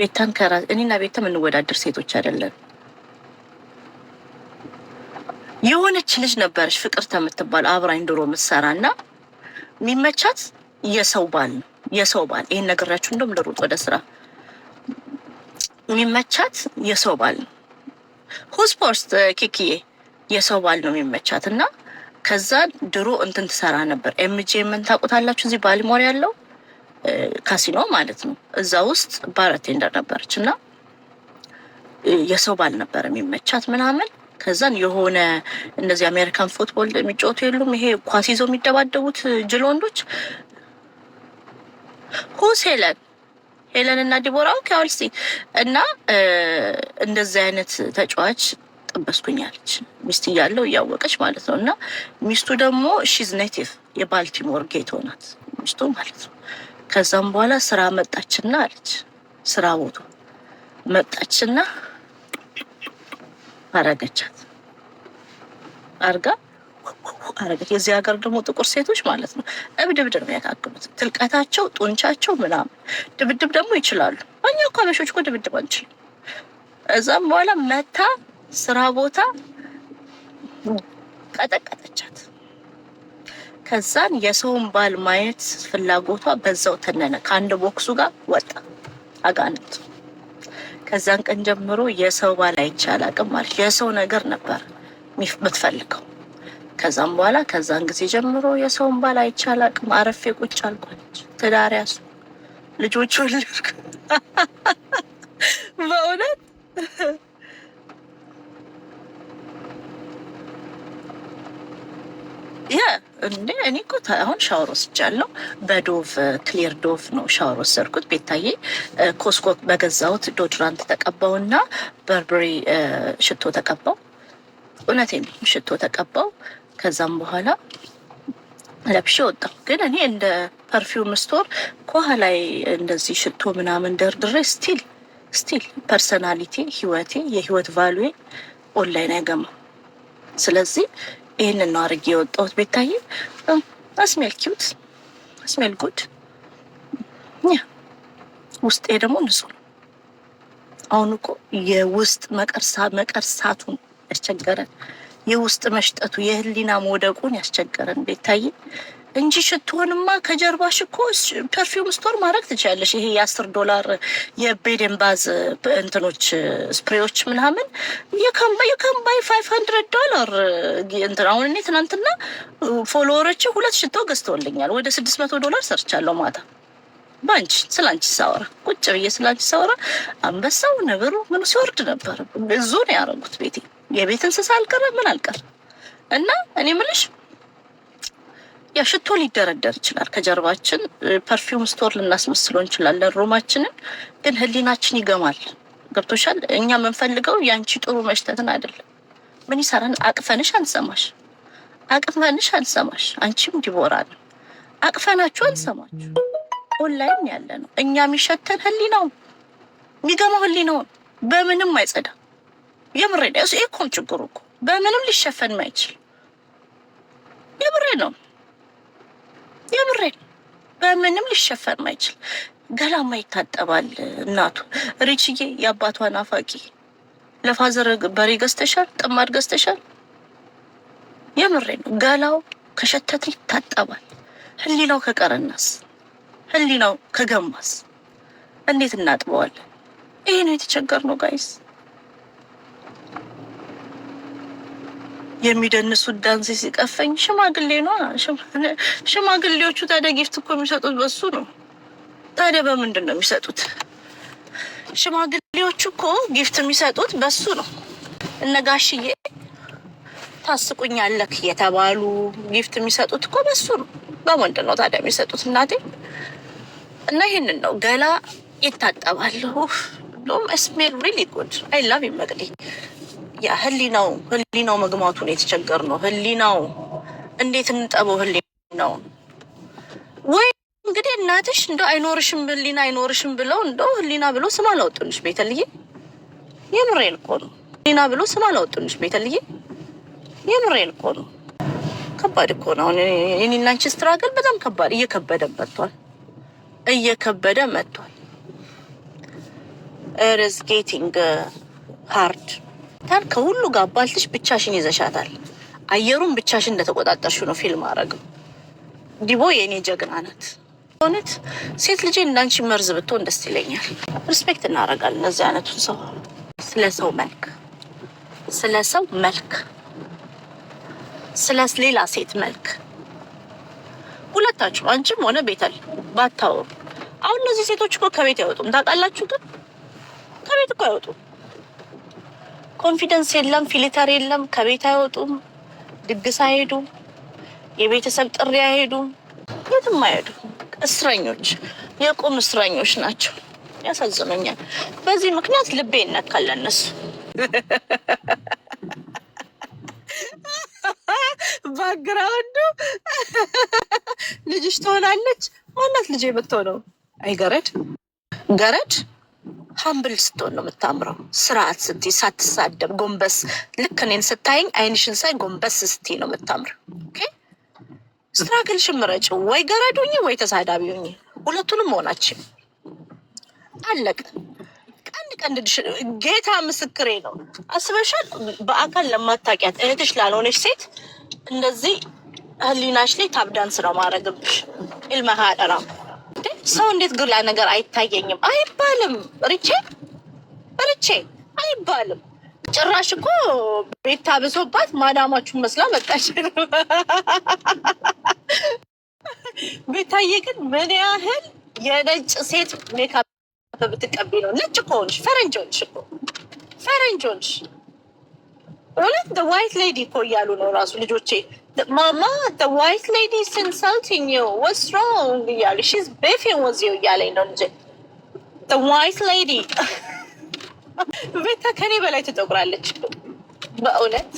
ቤታን ከራ እኔና ቤተ የምንወዳደር ሴቶች አይደለን። የሆነች ልጅ ነበረች ፍቅርተ የምትባል አብራኝ ድሮ የምትሰራ እና የሚመቻት የሰው ባል ነው የሰው ባል ይህን ነገራችሁ እንደም ልሩጥ ወደ ስራ የሚመቻት የሰው ባል ነው። ሁስፖርስ uh, ኬክዬ የሰው ባል ነው የሚመቻት እና ከዛ ድሮ እንትን ትሰራ ነበር። ኤምጄ የምንታቁታላችሁ እዚህ ባልሞር ያለው ካሲኖ ማለት ነው። እዛ ውስጥ ባረቴንደር ነበረች እና የሰው ባል ነበር የሚመቻት ምናምን። ከዛን የሆነ እነዚህ አሜሪካን ፉትቦል የሚጫወቱ የሉም ይሄ ኳስ ይዘው የሚደባደቡት ጅል ወንዶች ሁስ ሄለን ሄለን እና ዲቦራ ከወልሲ እና እንደዚህ አይነት ተጫዋች ጠበስኩኛለች ሚስት እያለው እያወቀች ማለት ነው። እና ሚስቱ ደግሞ ሺዝ ኔቲቭ የባልቲሞር ጌቶ ናት ሚስቱ ማለት ነው። ከዛም በኋላ ስራ መጣችና አለች። ስራ ቦቱ መጣችና አረገቻት አርጋ አረገች። የዚህ ሀገር ደግሞ ጥቁር ሴቶች ማለት ነው እብድ እብድ ነው የሚያካክሉት፣ ትልቀታቸው፣ ጡንቻቸው ምናምን። ድብድብ ደግሞ ይችላሉ። እኛ እኮ አበሾች እኮ ድብድብ አንችልም። እዛም በኋላ መታ ስራ ቦታ ቀጠቀጠቻት። ከዛን የሰውን ባል ማየት ፍላጎቷ በዛው ተነነ። ከአንድ ቦክሱ ጋር ወጣ አጋንንት። ከዛን ቀን ጀምሮ የሰው ባል አይቻል አቅም ማለት የሰው ነገር ነበር የምትፈልገው። ከዛም በኋላ ከዛን ጊዜ ጀምሮ የሰውን ባል አይቻል አቅም አረፌ ቁጭ አልኳለች። ትዳር ያሱ ወልድ በእውነት እንዴ እኔ እኮ አሁን ሻወር ወስጃለሁ። በዶቭ ክሊር ዶቭ ነው ሻወር ወሰድኩት። ቤታዬ ኮስኮ በገዛሁት ዶድራንት ተቀባው እና በርበሬ ሽቶ ተቀባው። እውነቴን ሽቶ ተቀባው። ከዛም በኋላ ለብሼ ወጣሁ። ግን እኔ እንደ ፐርፊውም ስቶር ከኋላይ እንደዚህ ሽቶ ምናምን ደርድሬ ስቲል ስቲል ፐርሰናሊቲ ህይወቴ የህይወት ቫሉዌ ኦንላይን አይገማም። ስለዚህ ይህንን ነው አድርጌ የወጣሁት። ቤታዬ አስሜል ኪዩት፣ አስሜል ጉድ። ውስጤ ደግሞ ንጹህ ነው። አሁን እኮ የውስጥ መቀርሳ መቀርሳቱን ያስቸገረን የውስጥ መሽጠቱ የህሊና መውደቁን ያስቸገረን ቤታዬ እንጂ ሽቶንማ ከጀርባሽ እኮ ፐርፊውም ስቶር ማድረግ ትችላለሽ። ይሄ የአስር ዶላር የቤደንባዝ እንትኖች ስፕሬዎች ምናምን የካምባይ ፋይቭ ሀንድረድ ዶላር እንትን። አሁን እኔ ትናንትና ፎሎወሮች ሁለት ሽቶ ገዝቶልኛል። ወደ ስድስት መቶ ዶላር ሰርቻለሁ ማታ ባንች ስላንቺ ሳወራ ቁጭ ብዬ ስላንቺ ሳወራ አንበሳው ነብሩ ምኑ ሲወርድ ነበር። ብዙ ነው ያደረጉት ቤቴ። የቤት እንስሳ አልቀረ ምን አልቀር እና እኔ ምልሽ ያ ሽቶ ሊደረደር ይችላል። ከጀርባችን ፐርፊውም ስቶር ልናስመስሎ እንችላለን ሮማችንን፣ ግን ህሊናችን ይገማል። ገብቶሻል? እኛ የምንፈልገው የአንቺ ጥሩ መሽተትን አይደለም። ምን ይሰራን? አቅፈንሽ አንሰማሽ፣ አቅፈንሽ አንሰማሽ። አንቺም ዲቦራ ነው አቅፈናችሁ አንሰማችሁ። ኦንላይን ያለ ነው። እኛ የሚሸተን ህሊናው የሚገማው ህሊናውን በምንም አይጸዳ። የምሬ ነው። ይሄ እኮ ችግሩ እኮ በምንም ሊሸፈን ማይችል የምሬ ነው። የምሬን በምንም ሊሸፈን ማይችል ገላማ ይታጠባል። እናቱ ሪችዬ የአባቷ ናፋቂ ለፋዘር በሬ ገዝተሻል፣ ጥማድ ገዝተሻል። የምሬ ነው። ገላው ከሸተት ይታጠባል። ህሊናው ከቀረናስ፣ ህሊናው ከገማስ እንዴት እናጥበዋለን? ይሄ ነው የተቸገር ነው ጋይስ። የሚደንሱት ዳንስ ሲቀፈኝ ሽማግሌ ነው። ሽማግሌዎቹ ታዲያ ጊፍት እኮ የሚሰጡት በሱ ነው። ታዲያ በምንድን ነው የሚሰጡት? ሽማግሌዎቹ እኮ ጊፍት የሚሰጡት በሱ ነው። እነ ጋሽዬ ታስቁኛለክ የተባሉ ጊፍት የሚሰጡት እኮ በሱ ነው። በምንድን ነው ታዲያ የሚሰጡት? እናቴ እና ይህንን ነው ገላ ይታጠባለሁ። ስሜል ሪሊ ጉድ አይ ላቭ ያ ህሊናው ህሊናው መግማቱን የተቸገር ነው። ህሊናው እንዴት እንጠበው? ህሊናው ወይ እንግዲህ እናትሽ እንደው አይኖርሽም ህሊና አይኖርሽም ብለው እንደው ህሊና ብሎ ስም አላወጡንሽ ቤተልዬ። የምሬን እኮ ነው። ህሊና ብሎ ስም አላወጡንሽ ቤተልዬ። የምሬን እኮ ነው። ከባድ እኮ ነው። አሁን አንቺ ስትራገል በጣም ከባድ እየከበደ መጥቷል፣ እየከበደ መጥቷል። ርስ ጌቲንግ ሃርድ ሩታን ከሁሉ ጋር ባልትሽ ብቻሽን ይዘሻታል። አየሩን ብቻሽን እንደተቆጣጠርሽው ነው ፊልም አረግም። ዲቦ የእኔ ጀግና ናት። እውነት ሴት ልጄ እንዳንቺ መርዝ ብትሆን ደስ ይለኛል። ሪስፔክት እናደርጋለን እነዚህ አይነቱን ሰው። ስለ ሰው መልክ፣ ስለ ሰው መልክ፣ ስለ ሌላ ሴት መልክ ሁለታችሁ አንቺም ሆነ ቤተል ባታወሩ። አሁን እነዚህ ሴቶች እኮ ከቤት አይወጡም ታውቃላችሁ። ግን ከቤት እኮ አይወጡም። ኮንፊደንስ የለም፣ ፊልተር የለም። ከቤት አይወጡም፣ ድግስ አይሄዱም፣ የቤተሰብ ጥሪ አይሄዱም፣ የትም አይሄዱም። እስረኞች፣ የቁም እስረኞች ናቸው። ያሳዝኑኛል። በዚህ ምክንያት ልቤ ይነካል ለእነሱ። ባግራውንዱ ልጅሽ ትሆናለች። ማናት ልጄ የምትሆነው? አይ ገረድ ገረድ ሀምብል ስትሆን ነው የምታምረው። ስርዓት ስቲ ሳትሳደብ ጎንበስ፣ ልክ እኔን ስታይኝ አይንሽን ሳይ ጎንበስ ስቲ ነው የምታምረው። ስትራግልሽን ምረጭ፣ ወይ ገረዱኝ ወይ ተሳዳቢ ሁኝ። ሁለቱንም መሆናችን አለቀ። ቀንድ ቀንድ ጌታ ምስክሬ ነው። አስበሻል? በአካል ለማታውቂያት እህትሽ ላልሆነች ሴት እንደዚህ ህሊናሽ ላይ ታብዳንስ ነው ማድረግብሽ። ኢልመሃ እንዴ ሰው እንዴት ግላ ነገር አይታየኝም አይባልም። ርቼ ርቼ አይባልም። ጭራሽ እኮ ቤት ታብሶባት ማዳማችሁን መስላ መጣች። ቤታዬ ግን ምን ያህል የነጭ ሴት ሜካፕ ብትቀቢ ነው? ነጭ ከሆንሽ ፈረንጆች ሆንሽ እኮ ፈረንጅ እውነት ዋይት ሌዲ እኮ እያሉ ነው ራሱ ልጆቼ። ማማ ዋይት ሌዲ ስንሰልቲኝ ወስ ሮንግ እያሉ ሽዝ ቤፌን ወዚው እያለኝ ነው ልጄ። ዋይት ሌዲ ቤታ ከኔ በላይ ትጠቁራለች በእውነት።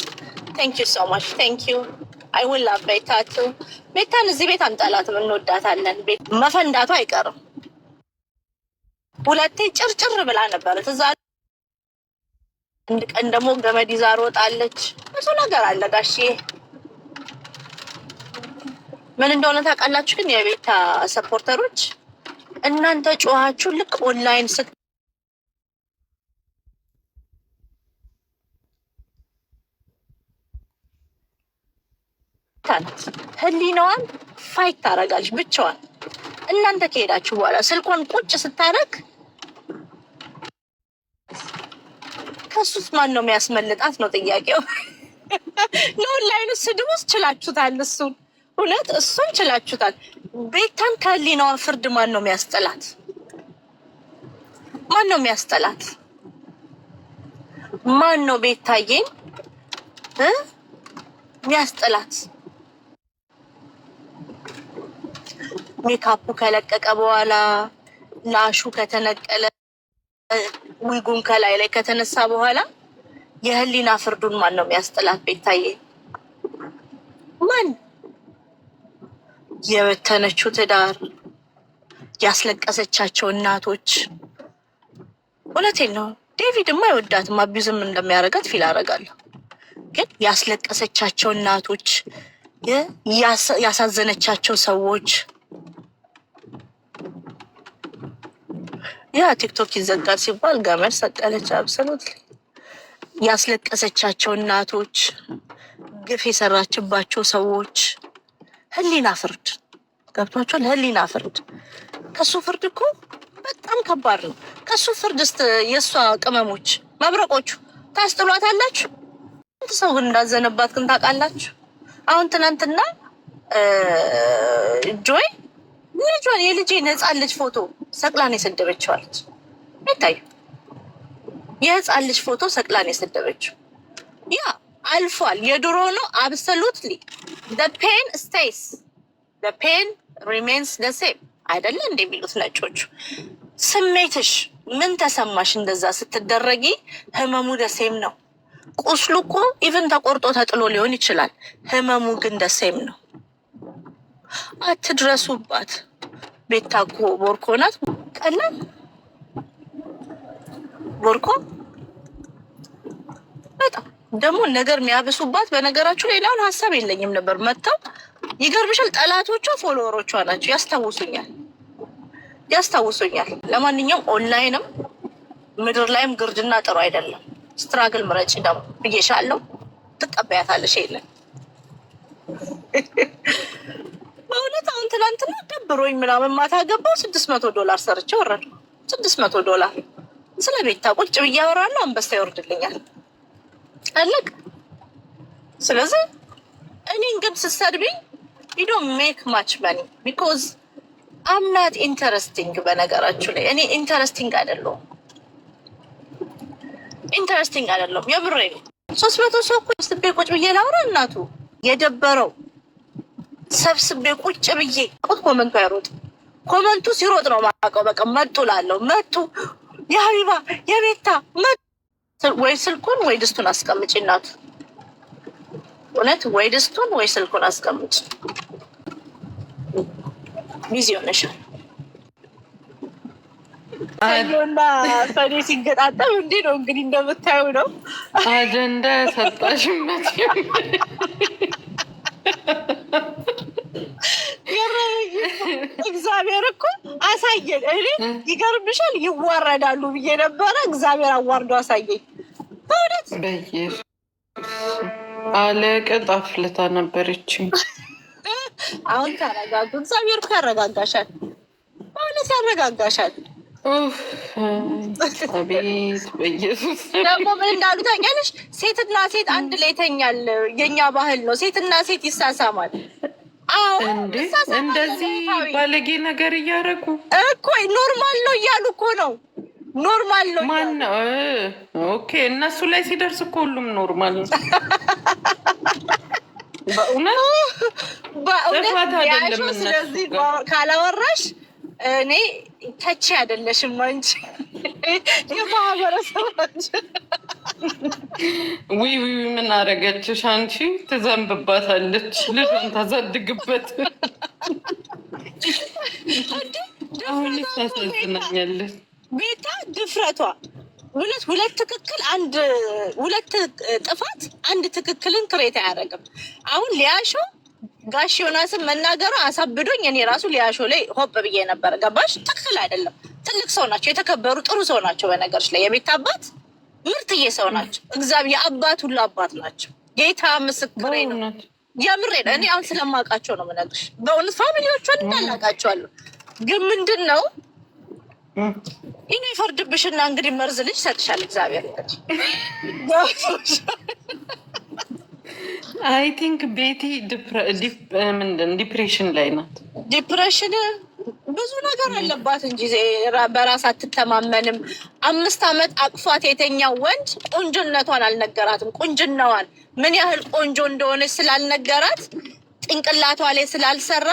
ታንክ ዩ ሶ ማች ታንክ ዩ አይ ውል ላቭ ቤታ ቱ። ቤታን እዚህ ቤት አንጠላትም፣ እንወዳታለን። መፈንዳቱ አይቀርም። ሁለቴ ጭርጭር ብላ ነበረ ትዛ አንድ ቀን ደግሞ ገመድ ይዛ ሮጣለች። ብዙ ነገር አለ ጋሼ። ምን እንደሆነ ታውቃላችሁ? ግን የቤታ ሰፖርተሮች እናንተ ጮኻችሁ ልክ ኦንላይን ስት ህሊናዋን ፋይት ታደርጋለች ብቻዋን። እናንተ ከሄዳችሁ በኋላ ስልኳን ቁጭ ስታደርግ ከሱስ ማን ነው የሚያስመልጣት ነው ጥያቄው። ለኦንላይን ስድቡስ ችላችሁታል። እሱን እውነት እሱን ችላችሁታል። ቤታን ከህሊናዋ ፍርድ ማን ነው የሚያስጠላት? ማን ነው የሚያስጠላት? ማን ነው ቤታዬን የሚያስጠላት? ሜካፑ ከለቀቀ በኋላ ላሹ ከተነቀለ ዊጉን ከላይ ላይ ከተነሳ በኋላ የህሊና ፍርዱን ማን ነው የሚያስጥላት? ቤታዬ ማን የበተነችው ትዳር ያስለቀሰቻቸው እናቶች። እውነቴን ነው። ዴቪድማ አይወዳትም፣ አቢዝም እንደሚያደርጋት ፊል አደርጋለሁ። ግን ያስለቀሰቻቸው እናቶች፣ ያሳዘነቻቸው ሰዎች ያ ቲክቶክ ይዘጋል ሲባል ገመድ ሰቀለች። አብሰሉት ያስለቀሰቻቸው እናቶች፣ ግፍ የሰራችባቸው ሰዎች፣ ህሊና ፍርድ ገብቷቸው ህሊና ፍርድ ከሱ ፍርድ እኮ በጣም ከባድ ነው። ከሱ ፍርድ ስ የእሷ ቅመሞች መብረቆቹ ታስጥሏት አላችሁ። ስንት ሰው ግን እንዳዘነባት ግን ታውቃላችሁ። አሁን ትናንትና ጆይ ልጇን የልጄ የህፃን ልጅ ፎቶ ሰቅላን አለች። ይታዩ የህፃን ልጅ ፎቶ ሰቅላን የሰደበችው ያ አልፏል። የድሮ ነው። አብሶሉትሊ ፔን ስቴይስ ፔን ሪሜንስ ደሴም አይደለ የሚሉት ነጮቹ። ስሜትሽ ምን ተሰማሽ? እንደዛ ስትደረጊ ህመሙ ደሴም ነው። ቁስሉ እኮ ኢቨን ተቆርጦ ተጥሎ ሊሆን ይችላል። ህመሙ ግን ደሴም ነው። አትድረሱባት። ቤታ እኮ ቦርኮ ናት። ቀላል ቦርኮ በጣም ደግሞ ነገር የሚያብሱባት። በነገራችሁ ላይ ሌላውን ሀሳብ የለኝም ነበር መጥተው ይገርምሻል፣ ጠላቶቿ ፎሎወሮቿ ናቸው። ያስታውሱኛል ያስታውሱኛል። ለማንኛውም ኦንላይንም ምድር ላይም ግርድና ጥሩ አይደለም። ስትራግል ምረጭ ደግሞ ብዬሻለሁ። ትቀበያታለሽ የለን በእውነት አሁን ትናንትና ደብሮኝ ምናምን ማታ ገባው ስድስት መቶ ዶላር ሰርቼ ወረድኩ። ስድስት መቶ ዶላር ስለ ቤታ ቁጭ ብዬ አወራለሁ። አንበሳ ይወርድልኛል። አለቅ ስለዚህ እኔን ግን ስትሰድብኝ ዩ ሜክ ማች መኒ ቢኮዝ አም ናት ኢንተረስቲንግ። በነገራችሁ ላይ እኔ ኢንተረስቲንግ አይደለሁም፣ ኢንተረስቲንግ አይደለሁም። የብሬ ነው። ሶስት መቶ ሰው እኮ ስቤ ቁጭ ብዬ ላውራ እናቱ የደበረው ሰብስቤ ቁጭ ብዬ ቁት ኮመንቱ አይሮጥ ኮመንቱ ሲሮጥ ነው ማቀው። በቃ መጡ ላለው መጡ የሀቢባ የቤታ ወይ ስልኩን ወይ ድስቱን አስቀምጭ እናቱ እውነት ወይ ድስቱን ወይ ስልኩን አስቀምጭ። ቢዚ ሆነሻል። ሰኞና ሰኔ ሲገጣጠም እንዲህ ነው እንግዲህ እንደምታዩ ነው። አጀንዳ ሰጣሽነት እግዚአብሔር እኮ አሳየን። እኔ ይገርምሻል፣ ይዋረዳሉ ብዬ ነበረ። እግዚአብሔር አዋርዶ አሳየኝ። በእውነት አለቅጥ አፍልታ ነበረች። አሁን ካረጋጉ እግዚአብሔር እኮ ያረጋጋሻል። በእውነት ያረጋጋሻል። ደግሞ ምን እንዳሉ ታውቂያለሽ? ሴትና ሴት አንድ ላይ ይተኛል። የኛ ባህል ነው። ሴትና ሴት ይሳሳማል። እንደዚህ ባለጌ ነገር እያደረጉ እኮ ኖርማል ነው እያሉ እኮ ነው። ኖርማል ነው ማን? ኦኬ እነሱ ላይ ሲደርስ እኮ ሁሉም ኖርማል ነው። በእውነት በእውነት ያልሽው። ስለዚህ ካላወራሽ እኔ ተቺ አይደለሽም አንቺ የማህበረሰብ ውይ ውይ ምን አደረገችሽ አንቺ? ትዘንብባታለች፣ ልጇን ታሳድግበት። አሁን ታሳዝናኛለች ቤታ ድፍረቷ ሁለት ሁለት ትክክል አንድ ሁለት ጥፋት አንድ ትክክልን ክሬት አያደርግም። አሁን ሊያሾው ጋሽ ዮናስን መናገሩ አሳብዶኝ እኔ ራሱ ሊያሾ ላይ ሆብ ብዬ ነበረ። ገባሽ? ትክክል አይደለም። ትልቅ ሰው ናቸው፣ የተከበሩ ጥሩ ሰው ናቸው። በነገሮች ላይ የቤት አባት ምርጥዬ ሰው ናቸው። እግዚአብሔር የአባት ሁሉ አባት ናቸው። ጌታ ምስክሬ ነው። የምሬ ነው። እኔ አሁን ስለማውቃቸው ነው የምነግርሽ። በእውነት ፋሚሊዎቿን እንዳላውቃቸዋለሁ። ግን ምንድን ነው ይኔ ፈርድብሽና እንግዲህ መርዝ ልጅ ሰጥሻል። እግዚአብሔር አይ ቲንክ ቤቲ ዲፕሬሽን ላይ ናት። ዲፕሬሽን ብዙ ነገር አለባት እንጂ በራስ አትተማመንም። አምስት ዓመት አቅፏት የተኛው ወንድ ቁንጅነቷን አልነገራትም። ቁንጅናዋን ምን ያህል ቆንጆ እንደሆነች ስላልነገራት ጭንቅላቷ ላይ ስላልሰራ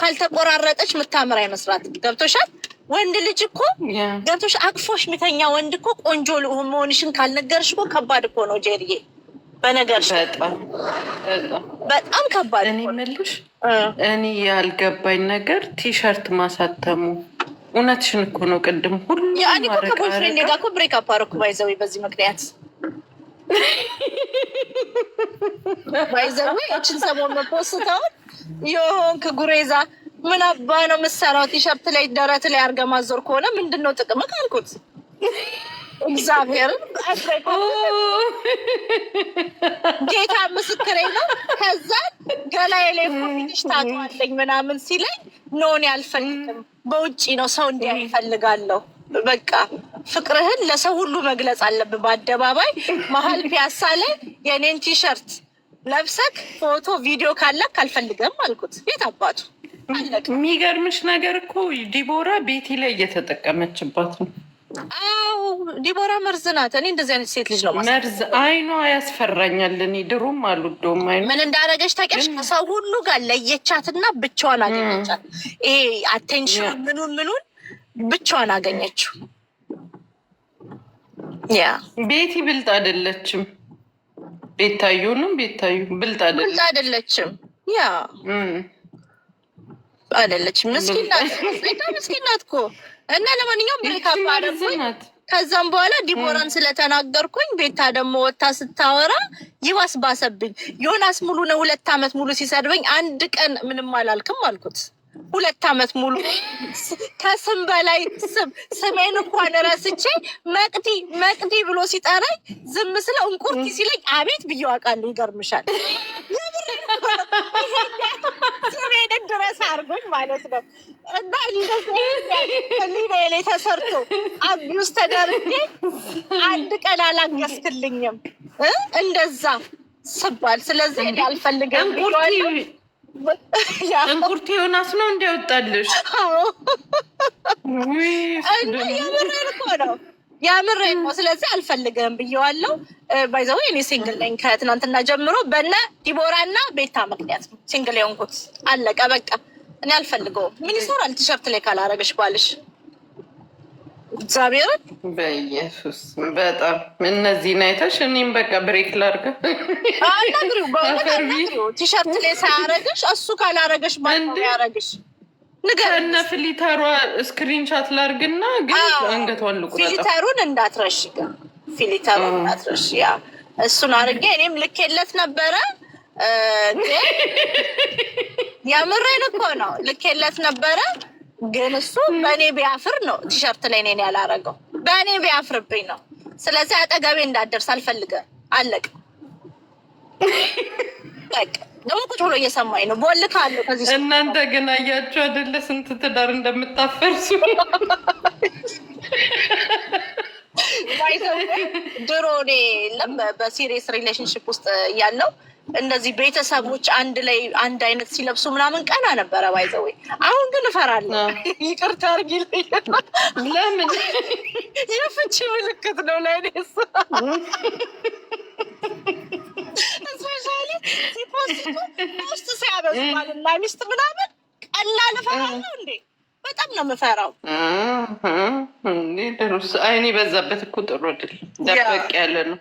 ካልተቆራረጠች ምታምር አይመስላት። ገብቶሻል? ወንድ ልጅ እኮ ገብቶሽ አቅፎሽ ሚተኛ ወንድ እኮ ቆንጆ መሆንሽን ካልነገርሽ እኮ ከባድ እኮ ነው ጀርዬ በነገር በጣም ከባድ። እኔ የምልሽ እኔ ያልገባኝ ነገር ቲሸርት ማሳተሙ እውነትሽን እኮ ነው። ቅድም ሁሉ እኔ እኮ ከቦይፍሬንድ ጋር እኮ ብሬክ አፕ አደረኩ ባይዘዌ በዚህ ምክንያት ባይዘዌ እችን ሰሞን መፖስተውን የሆንክ ጉሬዛ ምን አባ ነው የምትሰራው ቲሸርት ላይ ደረት ላይ አድርገህ ማዞር ከሆነ ምንድን ነው ጥቅምህ አልኩት። እግዚአብሔር ጌታ ምስክሬ ነው። ከዛ ገላዬ ላይ ኮሚኒሽ ታቷለኝ ምናምን ሲለኝ ኖን አልፈልግም፣ በውጭ ነው ሰው እንዲያ ይፈልጋለሁ። በቃ ፍቅርህን ለሰው ሁሉ መግለጽ አለብህ። በአደባባይ መሀል ፒያሳ ላይ የኔን ቲሸርት ለብሰክ ፎቶ ቪዲዮ ካለክ አልፈልገም አልኩት። ቤት አባቱ የሚገርምሽ ነገር እኮ ዲቦራ ቤቲ ላይ እየተጠቀመችባት ነው አዎ ዲቦራ መርዝ ናት። እኔ እንደዚህ አይነት ሴት ልጅ ነው መርዝ። አይኗ ያስፈራኛል። እኔ ድሩም አሉ ደም አይኑ ምን እንዳደረገች ታውቂያለሽ? ከሰው ሁሉ ጋር ለየቻትና ብቻዋን አገኘቻት። ይሄ አቴንሽን ምኑን ምኑን ብቻዋን አገኘችው። ያ ቤቲ ብልጥ አይደለችም። ቤታዩንም ቤታዩ ብልጥ አይደለችም። ያ አይደለችም። ምስኪናት ቤታ ምስኪናት ናት እኮ እና ለማንኛውም ብሬክአፕ አደረኩኝ። ከዛም በኋላ ዲቦራን ስለተናገርኩኝ ቤታ ደግሞ ወታ ስታወራ ይባስ ባሰብኝ። ዮናስ ሙሉ ነው ሁለት አመት ሙሉ ሲሰድበኝ አንድ ቀን ምንም አላልክም አልኩት። ሁለት አመት ሙሉ ከስም በላይ ስም ስሜን እንኳን ረስቼ መቅዲ መቅዲ ብሎ ሲጠራኝ ዝም ስለው እንቁርቲ ሲለኝ አቤት ብዬ አውቃለሁ። ይገርምሻል። ስሜን ድረስ አድርጎኝ ማለት ነው እና ሊቤሌ ተሰርቶ አቢውስ ተደርጌ አንድ ቀን አላገስክልኝም እንደዛ ስባል ስለዚህ አልፈልገም እንቁርት ዮናስ ነው እንዲያወጣልሽ የምሬን እኮ ነው የምሬን ነው። ስለዚህ አልፈልግም ብዬዋለሁ። ባይዘው እኔ ሲንግል ነኝ ከትናንትና ጀምሮ በነ ዲቦራ እና ቤታ ምክንያት ነው ሲንግል የሆንኩት። አለቀ በቃ። እኔ አልፈልገውም። ምን ይሰራል ቲሸርት ላይ ካላረገሽ ባልሽ እግዚአብሔር በኢየሱስ በጣም እነዚህን አይተሽ እኔም በቃ ብሬክ ላድርግ ነግሪው። ቲሸርት ላይ ሳያረግሽ እሱ ካላረገሽ ማነው ያረግሽ? ከእነ ፍሊተሯ ስክሪንሻት ላድርግና ግን አንገቷን ልቁረጣ። ፊሊተሩን እንዳትረሽ ግን ፊሊተሩን እንዳትረሽ። ያ እሱን አድርጌ እኔም ልኬለት ነበረ የምሬን እኮ ነው ልኬለት ነበረ ግን እሱ በእኔ ቢያፍር ነው ቲሸርት ላይ እኔን ያላረገው በእኔ ቢያፍርብኝ ነው። ስለዚህ አጠገቤ እንዳደርስ አልፈልግም። አለቅ ደግሞ ቁጭ ብሎ እየሰማኝ ነው። ቦልክ እናንተ ግን አያችሁ አይደለ ስንት ትዳር እንደምታፈርሱ ድሮ እኔ የለም በሲሪየስ ሪሌሽንሽፕ ውስጥ እያለው እንደዚህ ቤተሰቦች አንድ ላይ አንድ አይነት ሲለብሱ ምናምን ቀና ነበረ ባይዘወ አሁን ግን እፈራለሁ። ይቅርታ አድርጊ። ለምን የፍቺ ምልክት ነው ላይ ስፔሻሊ ፖስት ሲያበዙ ባልና ሚስት ምናምን ቀላል እፈራለሁ እንዴ! በጣም ነው የምፈራው። አይን በዛበት እኮ ጥሩ ድል ደበቅ ያለ ነው።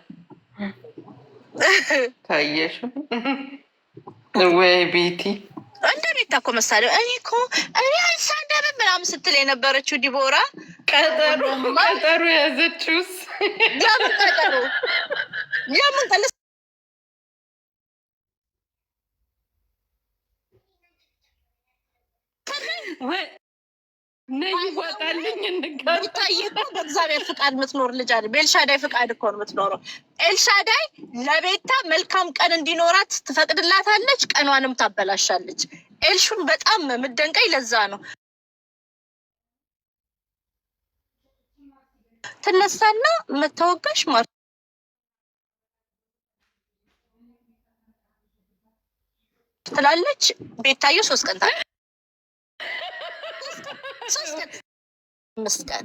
ታየሽ ወይ ቤቲ እንደ እኮ መሳሌ እኔ እኮ እኔ አልሳደብም ምናምን ስትል የነበረችው ዲቦራ ቀጠሩ ቀጠሮ ለምን ለምን ቀለ ወይ ነይ ይዋጣልኝ እንጋሩታዬ እኮ በእግዚአብሔር ፍቃድ የምትኖር ልጅ አለ። በኤልሻዳይ ፍቃድ እኮ ነው የምትኖረው። ኤልሻዳይ ለቤታ መልካም ቀን እንዲኖራት ትፈቅድላታለች፣ ቀኗንም ታበላሻለች። ኤልሹን በጣም የምትደንቀኝ ለዛ ነው። ትነሳና መታወጋሽ ማር ትላለች። ቤታዬ ሶስት ቀን ታዲያ አምስት ቀን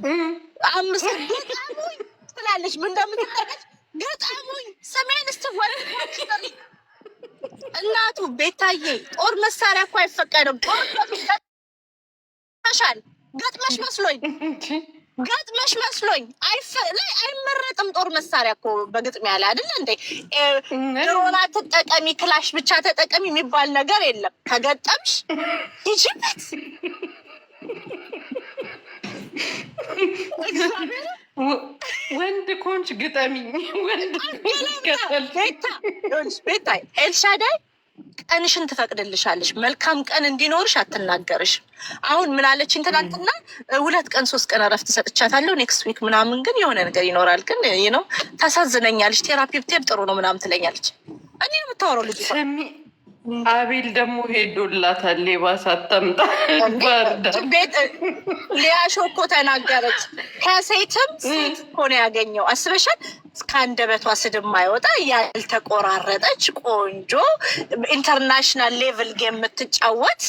አምስት ቀን ገጣሙኝ ትላለች። ምንደምትጠቀች እንደምትጠቀች ገጣሙኝ ሰሜን ስትወል እናቱ ቤታዬ ጦር መሳሪያ እኮ አይፈቀድም። ጦርሻል ገጥመሽ መስሎኝ ገጥመሽ መስሎኝ ላይ አይመረጥም። ጦር መሳሪያ እኮ በግጥሚያ ላይ አይደለ እንዴ? ድሮና ትጠቀሚ ክላሽ ብቻ ተጠቀሚ የሚባል ነገር የለም። ከገጠምሽ ሂጂበት ወንድ ኮንች ግጠሚኝ ወንድ ኤልሻዳይ ቀንሽን ትፈቅድልሻለሽ። መልካም ቀን እንዲኖርሽ አትናገርሽ። አሁን ምን አለችኝ ትናንትና፣ ሁለት ቀን ሶስት ቀን እረፍት ሰጥቻታለሁ። ኔክስት ዊክ ምናምን ግን የሆነ ነገር ይኖራል ግን ነው ታሳዝነኛለች። ቴራፒ ብትሄድ ጥሩ ነው ምናምን ትለኛለች። እኔ የምታወራው ልጅ አቤል ደግሞ ሄዶላታል። ሌባ ሳታምጣ ሊያ ሾኮ ተናገረች። ከሴትም ሴት እኮ ነው ያገኘው። አስበሻል። ከአንደበቷ ስድብ ማይወጣ ያልተቆራረጠች ቆንጆ ኢንተርናሽናል ሌቭል የምትጫወት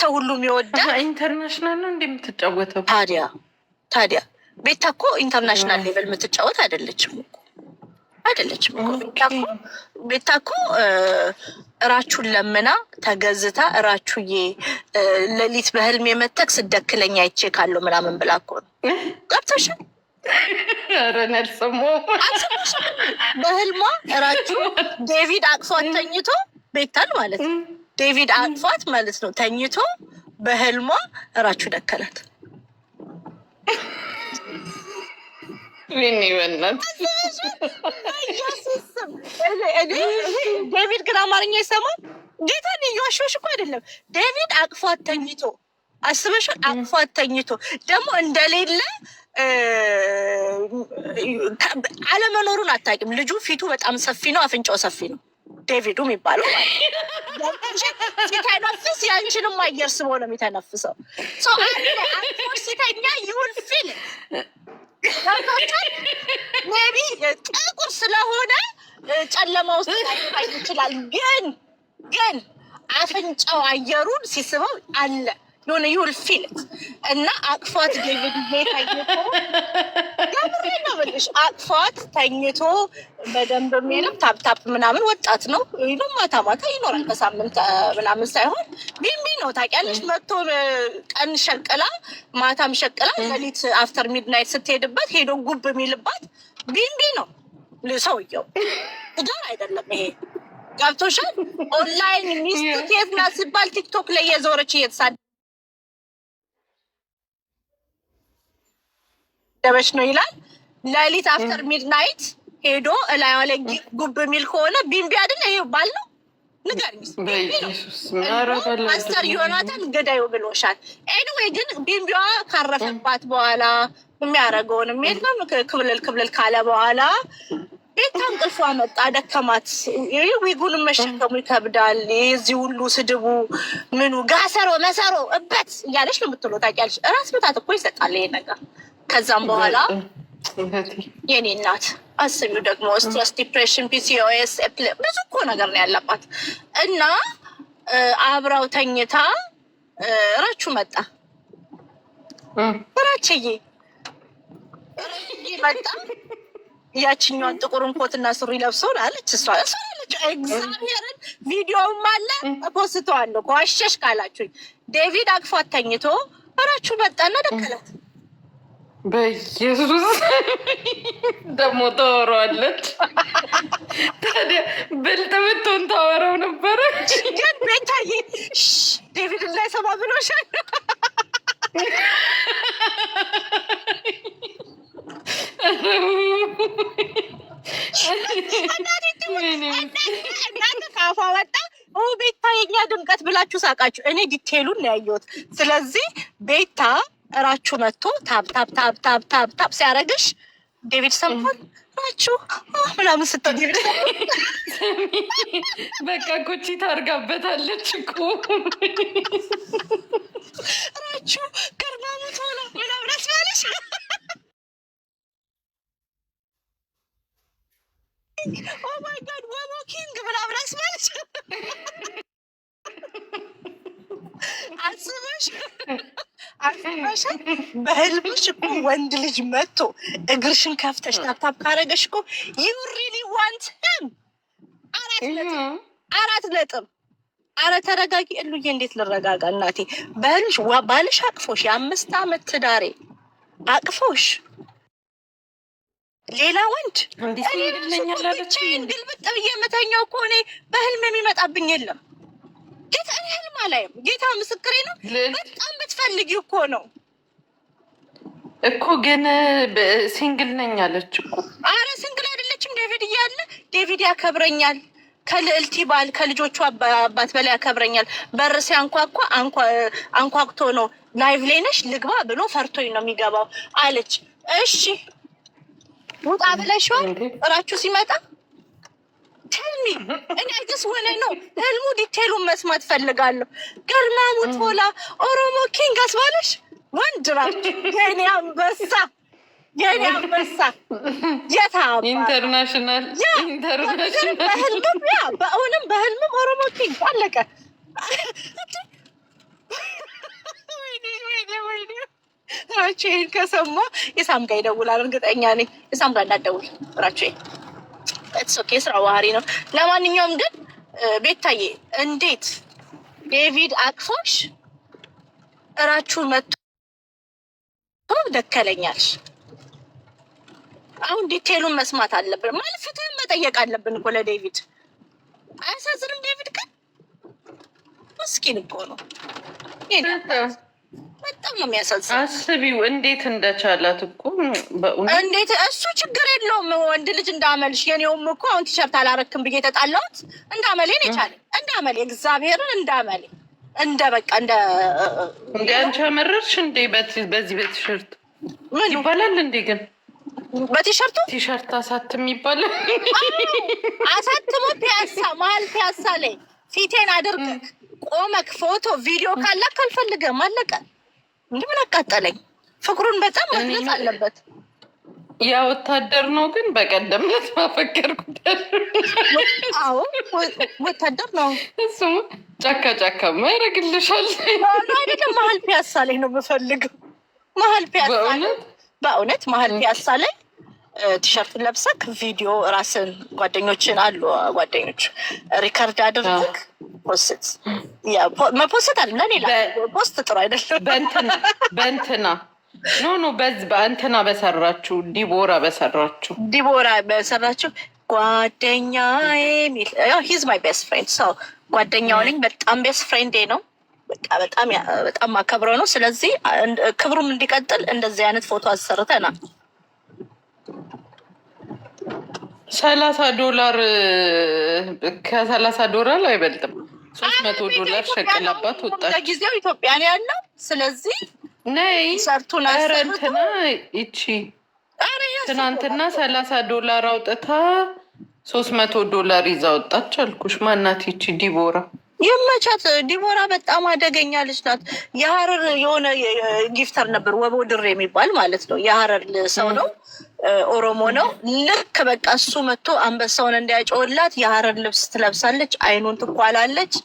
ሰው ሁሉም ይወዳል። ኢንተርናሽናል ነው የምትጫወተው ታዲያ ታዲያ ቤታ እኮ ኢንተርናሽናል ሌቭል የምትጫወት አይደለችም እኮ አይደለችም። ቤታ እኮ እራችሁን ለምና ተገዝታ እራችሁዬ ሌሊት በህልም የመተክ ስደክለኝ አይቼ ካለው ምናምን ብላ እኮ ነው ገብተሻል። ረነልጽሞ በህልሟ እራችሁ ዴቪድ አቅፏት ተኝቶ ቤታል ማለት ነው። ዴቪድ አቅፏት ማለት ነው ተኝቶ በህልሟ እራችሁ ደከላት። ዴቪድ ግን አማርኛ ይሰማል። ጌታን እያሸሽ እኮ አይደለም። ዴቪድ አቅፏት ተኝቶ አስበሽን አቅፏት ተኝቶ ደግሞ እንደሌለ አለመኖሩን አታውቂም። ልጁ ፊቱ በጣም ሰፊ ነው፣ አፍንጫው ሰፊ ነው። ዴቪዱ የሚባለው ሲተነፍስ ያንቺንም አየር ስቦ ነው የሚተነፍሰው። ሲተኛ ይሁን ፊል ሜቢ ጥቁር ስለሆነ ጨለማ ውስጥ ይችላል። ግን ግን አፍንጫው አየሩን ሲስበው አለ የሆነ ይሁል ፊልት እና አቅፏት ዴቪድ ቤታየሽ አቅፏት ተኝቶ በደንብ የሚልም ታፕታፕ ምናምን ወጣት ነው ይሉ ማታ ማታ ይኖራል። ምናምን ሳይሆን ነው ታውቂያለሽ። መጥቶ ቀን ሸቅላ ማታም ሸቅላ ሌሊት አፍተር ሚድናይት ስትሄድበት ሄዶ ጉብ የሚልባት ነው ሰውየው። ትዳር አይደለም ይሄ ገብቶሻል። ኦንላይን ናት ሲባል ቲክቶክ ላይ እየተሳደ እየደበደበች ነው ይላል። ሌሊት አፍተር ሚድናይት ሄዶ እላዩ ላይ ጉብ የሚል ከሆነ ቢምቢ አይደለ ይሄ ባል ነው ንገርሚስር ዮናታን ገዳዩ ብሎሻል። ኤኒዌይ ግን ቢምቢዋ ካረፈባት በኋላ የሚያደርገውን የሚሄድ ነው ክብልል ክብልል ካለ በኋላ ቤታ እንቅልፏ መጣ፣ ደከማት። ዊጉን መሸከሙ ይከብዳል። የዚህ ሁሉ ስድቡ ምኑ ጋሰሮ መሰሮ እበት እያለች ነው የምትለው። ታውቂያለሽ፣ ራስ በታት እኮ ይሰጣል ይሄ ነገር ከዛም በኋላ የኔ እናት አስቢው ደግሞ ስትረስ፣ ዲፕሬሽን፣ ፒሲኦኤስ ብዙ እኮ ነገር ነው ያለባት እና አብራው ተኝታ እራቹ መጣ እራችዬ መጣ። ያችኛዋን ጥቁርን ኮትና ሱሪ ለብሶ አለች እሷ እሷ ያለች እግዚአብሔርን ቪዲዮውም አለ ፖስተዋለሁ። ከዋሸሽ ካላችሁኝ ዴቪድ አቅፏት ተኝቶ እራቹ መጣና ደከላት። በኢየሱስ ደግሞ ታወራዋለች። ታዲያ ብልጥ ብትሆን ታወራው ነበረ። ዴቪድ እንዳይሰማ ብሎሻል። እናንተ ካፏ ወጣ ቤታ የኛ ድምቀት ብላችሁ ሳቃችሁ። እኔ ዲቴሉን ነው ያየሁት። ስለዚህ ቤታ እራችሁ መጥቶ ታብ ታብ ታብ ታብ ታብ ታብ ሲያደርግሽ ዴቪድ ሰምቷል ናችሁ ምናምን ስትል በቃ ኮቺ ታርጋበታለች እኮ ናችሁ ከርማሙት መቶ ነው ምናምን አስባለች። ኦ ማይ ጋድ ወሞኪንግ ምናምን አስባለች። አስበሽ አስበሽ በህልምሽ እኮ ወንድ ልጅ መጥቶ እግርሽን ከፍተሽ ታፕታፕ ካረገሽ እኮ ዩ ሪሊ ዋንት ሂም። አራት ነጥብ አራት ነጥብ። አረ ተረጋጊ እሉዬ። እንዴት ልረጋጋ እናቴ? በህልምሽ ባልሽ አቅፎሽ የአምስት አመት ትዳሬ አቅፎሽ ሌላ ወንድ እኔ ብቻዬን ግልብጥ ብዬ የምተኛው እኮ በህልም የሚመጣብኝ የለም ህልም አላየም። ጌታ ምስክሬ ነው። በጣም ብትፈልጊ እኮ ነው እኮ ግን ሲንግል ነኝ አለች እኮ። አረ ሲንግል አይደለችም። ዴቪድ እያለ ዴቪድ ያከብረኛል ከልዕልቲ ባል ከልጆቹ አባት በላይ ያከብረኛል። በር ሲያንኳኳ አንኳኩቶ ነው ላይቭ ላይ ነሽ ልግባ ብሎ ፈርቶኝ ነው የሚገባው አለች። እሺ ውጣ ብለሽዋል። እራችሁ ሲመጣ ቴልሚ እኔ አይደስ ወነ ነው ህልሙ ዲቴሉን መስማት ፈልጋለሁ። ገርማሙት ኦሮሞ ኪንግ አስባለሽ ወንድ የኔ አንበሳ የኔ አንበሳ የታ ኢንተርናሽናል በህልምም ያ በእውንም በህልምም ኦሮሞ ኪንግ አለቀ። ከሰማ የሳምጋ ይደውላል። እርግጠኛ ነኝ የሳምጋ እንዳደውል ራቼን ኦኬ ስራ ባህሪ ነው። ለማንኛውም ግን ቤታዬ እንዴት ዴቪድ አቅፎሽ እራችሁ መጥቶ ደከለኛል። አሁን ዲቴሉን መስማት አለብን ማለት ፍትህን መጠየቅ አለብን እኮ ለዴቪድ። አያሳዝንም? ዴቪድ ግን ምስኪን እኮ ነው። በጣም ነው የሚያሳዝነው። አስቢው እንዴት እንደቻላት እኮ በእውነት እንዴት እሱ ችግር የለውም ወንድ ልጅ እንዳመልሽ የኔውም እኮ አሁን ቲሸርት አላረክም ብዬ ተጣላሁት። እንዳመሌን የቻለ እንዳመሌ እግዚአብሔርን እንዳመሌ እንደ በቃ እንደ እንደ አንቺ አመረርሽ እንዴ በዚህ በቲሸርት ምን ይባላል እንዴ ግን በቲሸርቱ ቲሸርት አሳትም ይባላል። አሳትሞ ፒያሳ መሀል ፒያሳ ላይ ፊቴን አድርግ ቆመክ ፎቶ ቪዲዮ ካለ አልፈልገም አለቀ። እንደምን አቃጠለኝ። ፍቅሩን በጣም መግለጽ አለበት። ያ ወታደር ነው ግን በቀደም ዕለት ማፈቀር ጉዳይ ወታደር ነው እሱ። ጫካ ጫካ ማይረግልሻል አይደለም መሀል ፒያሳ ላይ ነው የምፈልገው። መሀል ፒያሳ በእውነት መሀል ፒያሳ ላይ ቲሸርት ለብሰክ ቪዲዮ ራስን ጓደኞችን አሉ ጓደኞች ሪከርድ አድርግ ፖስት መፖስት አለ ለኔ ፖስት ጥሩ አይደለም። በእንትና ኖ ኖ በእንትና በሰራችሁ ዲቦራ በሰራችሁ ዲቦራ በሰራችሁ ጓደኛ የሚል ሂዝ ማይ ቤስት ፍሬንድ ሰው ጓደኛው ነኝ። በጣም ቤስት ፍሬንዴ ነው። በቃ በጣም በጣም አከብረው ነው። ስለዚህ ክብሩም እንዲቀጥል እንደዚህ አይነት ፎቶ አሰርተናል። ሰላሳ ዶላር ከሰላሳ ዶላር አይበልጥም። ሶስት መቶ ዶላር ሸቅላባት ወጣች። ጊዜው ኢትዮጵያ ነው ያለው። ስለዚህ ነይ ሰርቱን እንትና ይቺ ትናንትና ሰላሳ ዶላር አውጥታ ሶስት መቶ ዶላር ይዛ ወጣች አልኩሽ። ማናት ይቺ ዲቦራ? ይመቻት። ዲቦራ በጣም አደገኛ ልጅ ናት። የሀረር የሆነ ጊፍተር ነበር ወቦ ድር የሚባል ማለት ነው። የሀረር ሰው ነው፣ ኦሮሞ ነው። ልክ በቃ እሱ መጥቶ አንበሳውን እንዲያጮላት የሀረር ልብስ ትለብሳለች፣ አይኑን ትኳላለች።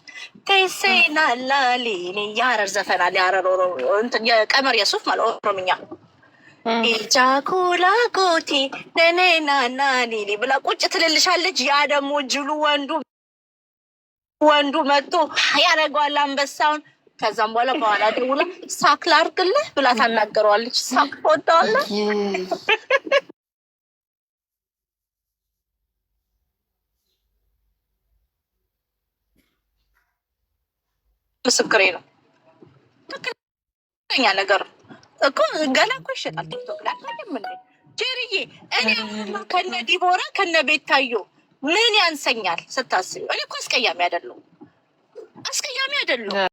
ቴሴና ላሊ የሀረር ዘፈናል። የሀረር የቀመር የሱፍ ማለት ኦሮምኛ ኢጃኩላ ጎቲ ነኔና ናኒኒ ብላ ቁጭ ትልልሻለች። ያ ደግሞ ጅሉ ወንዱ ወንዱ መጥቶ ያደረገዋል አንበሳውን። ከዛም በኋላ በኋላ ደውላ ሳክ ላርግልህ ብላ ታናገረዋለች። ሳክ ወደዋለህ ምስክሬ ነው። ትክክለኛ ነገር እኮ ገላ እኮ ይሸጣል ቲክቶክ ላይ ጀርዬ እኔ ከነ ዲቦራ ከነ ቤት ታየው ምን ያንሰኛል ስታስብ? እኔ እኮ አስቀያሚ አይደለሁም፣ አስቀያሚ አይደለሁም።